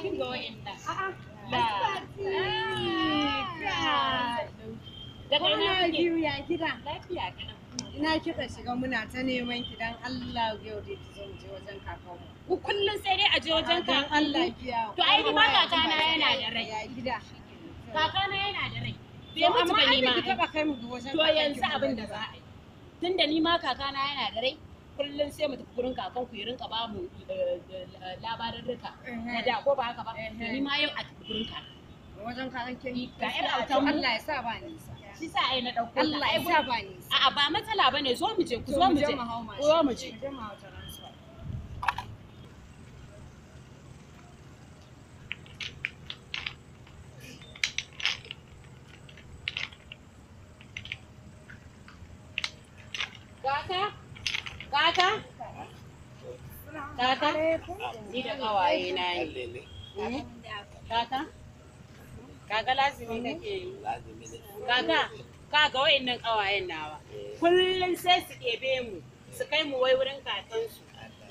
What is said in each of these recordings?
can go in that. Ah, ah. Ah, ina kika shiga muna ta neman ki dan Allah yau ki je wajen Ku sai dai a je wajen Allah biya. To ai ni ma kakana yana da rai. Ya gida. yana da rai. Bai mutu ba ni ma. To yanzu abin da za a yi. Tunda ni ma kakana yana da rai, kullum sai mu tafi gurin kakan ku rinka ba mu eh, eh, labarin rika na da ko ba haka ba to ni ma yau a tafi gurin ka wajen kakan kin ga yar autan Allah ya sa ba ni. shi sa ai na dauko Allah ya sa ba ni. a'a ba matsala bane zo mu je ku zo mu je ku zo mu je Kaka, Tata? Ni da kawaye na yi. kaka, hmm? Kaga lazimi kake yi. Kaga, kawayen nawa. Kullum sai su ɗebe mu, su kai mu wai wurin kakansu.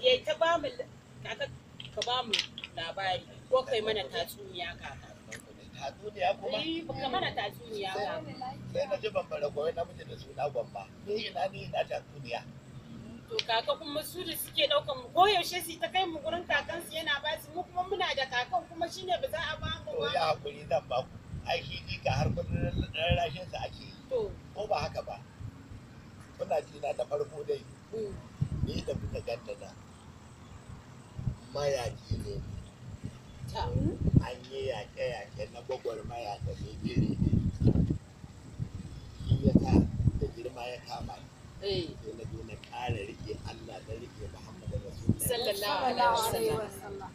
Ya ta ba mu kaka ka ba mu labari ko kai mana tatsuniya kaka. tatsuniya kuma? Eh, mana tatsuniya Sai na ji da suna gwamba. Ni ina ni ina tatsuniya. to kaka kuma su da suke ɗaukan mu koyaushe su ta kai mu gurin kakansu yana ba su mu kuma muna da kakan kuma shine ba za a ba mu ba. Ya hakuri zan ba ku aiki ne ga har kudin rarrashin sa ake yi. Ko ba haka ba. Kuna jina da farko dai. Mm. Ni da kuka ganta na Mayaki ne. An yi yaƙe-yaƙe na gwagwarmaya da ne gere ne. Shi ya ta da girma ya kama ƙara riƙe Allah na riƙe Muhammadu Rasulullah sallallahu alaihi wasallam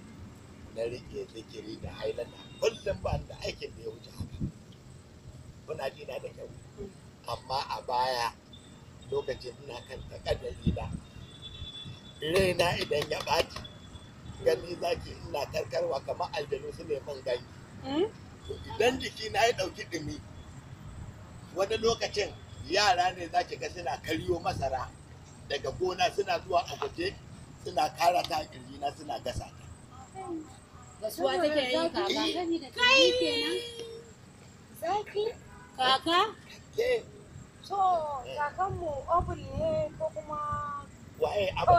na riƙe zikiri da hailata kullum ba da aikin da ya wuce haka muna jina da kyau amma a baya lokacin ina kan takaddari na raina idan ya baki gani zaki ina karkarwa kamar aljanu su ne neman gangi hmm? idan jiki na ya ɗauki ɗumi wani lokacin yara ne za ki ga suna karyo masara daga gona suna zuwa a guje suna kara ta kirji suna gasa ta gasuwa take yi kaka kai eh. zaki kaka ke to eh. kakan mu ne ko kuma waye abu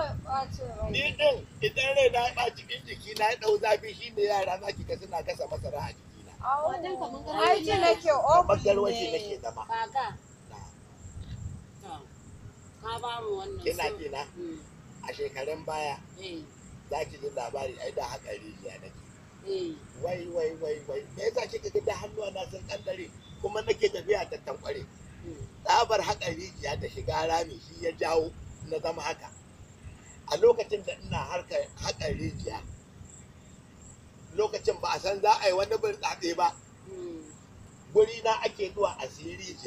ni din idan rai na ba cikin jiki na dau zafi ne yara za ki ga suna gasa masara a jikina wajen kaman garwashi nake obul ne kaka ka ba mu wannan kina kina mm. a shekarun baya eh. za ki ji labari ai da haka rijiya nake eh. wai wai wai wai me yasa kika ga da hannuwa na sun kandare kuma nake tafiya ta tankware mm. tsabar haka rijiya da shiga rami shi ya jawo na zama haka a lokacin da ina harkar haka rijiya lokacin ba a san za a yi wani burtsatse ba mm. guri na ake zuwa asiri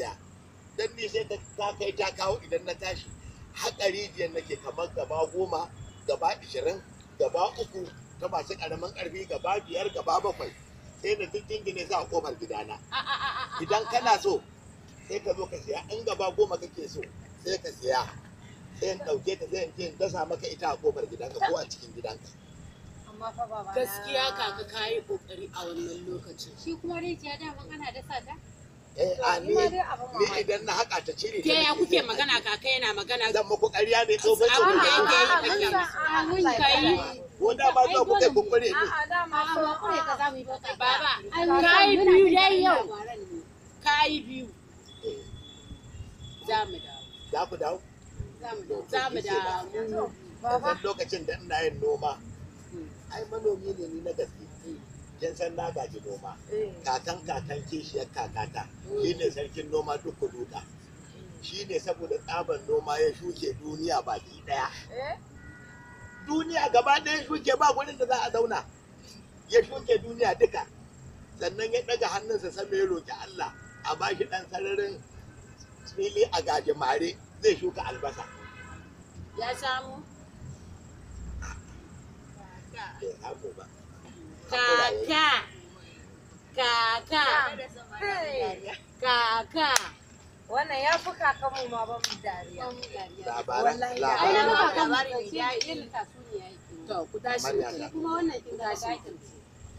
ne sai ta kai ta kawo idan na tashi haƙari rijiyar nake kamar gaba goma gaba ishirin gaba uku ta masu ƙaramin karfi gaba biyar gaba bakwai sai na duk jingine za a kofar gidana idan kana so sai ka zo ka siya in gaba goma kake so sai ka siya sai in ɗauke ta sai in ce in dasa maka ita a kofar gidanka ko a cikin gidanka gaskiya kaka kayi kokari a wannan lokacin shi kuma rijiya daman ana dasa ta eh a ah, ni ni idan na haka ta cire ke ya kuke magana kaka yana magana zan muku ƙarya ne to ba ce abin da yake yi kake kai ko da ma za ku kai ne a da ma ba kure ka za mu yi ba baba kai biyu dai yau kai biyu za mu dawo za ku dawo za mu dawo lokacin da ina yin noma ai manomi ne ni na gaske kin san na gaji noma eh. kakan kakan kishiyar kakata eh. shi ne sarkin noma duk duka eh. shi ne saboda tsaban noma ya shuke duniya baki daya duniya gaba ɗaya shuke ba gurin da za a zauna ya shuke duniya duka sannan ya ɗaga hannunsa sama ya roki Allah a ba shi ɗan sararin fili a mare, zai shuka albasa ya samu ba kaka kaka kaka wannan ya fi kaka mu ma ba mu dariya Wallahi kaka labaran labarin ya yi ne ya yi. to ku tashi kuma wannan kin ga shi.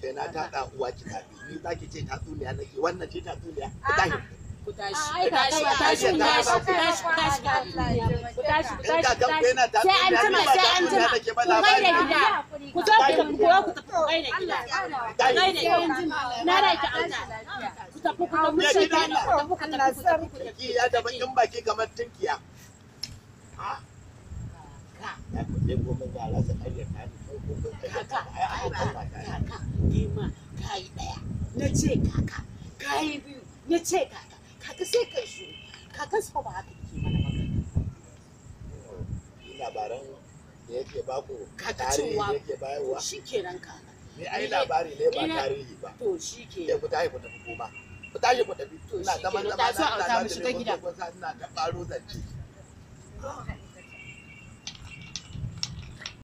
sai na ta tada uwa ki tafi ni zaki ce ta tatsuniya nake wannan ce ta tatsuniya ku tashi sai sai ku gida ku zo ku tafi ku ku tafi ku gida ku gida na rai ta ku tafi ku ka biyu na ce kaka ka sai ka shi kakan ba haka ke mana ba labaran da yake baku tarihi yake bayarwa shi kenan ka ni ai labari ne ba tarihi ba to shi ke sai eh, ku tashi ku tafi goma ku tashi ku tafi ina na ta zo a ta mishi ta gida ina ta ƙaro zance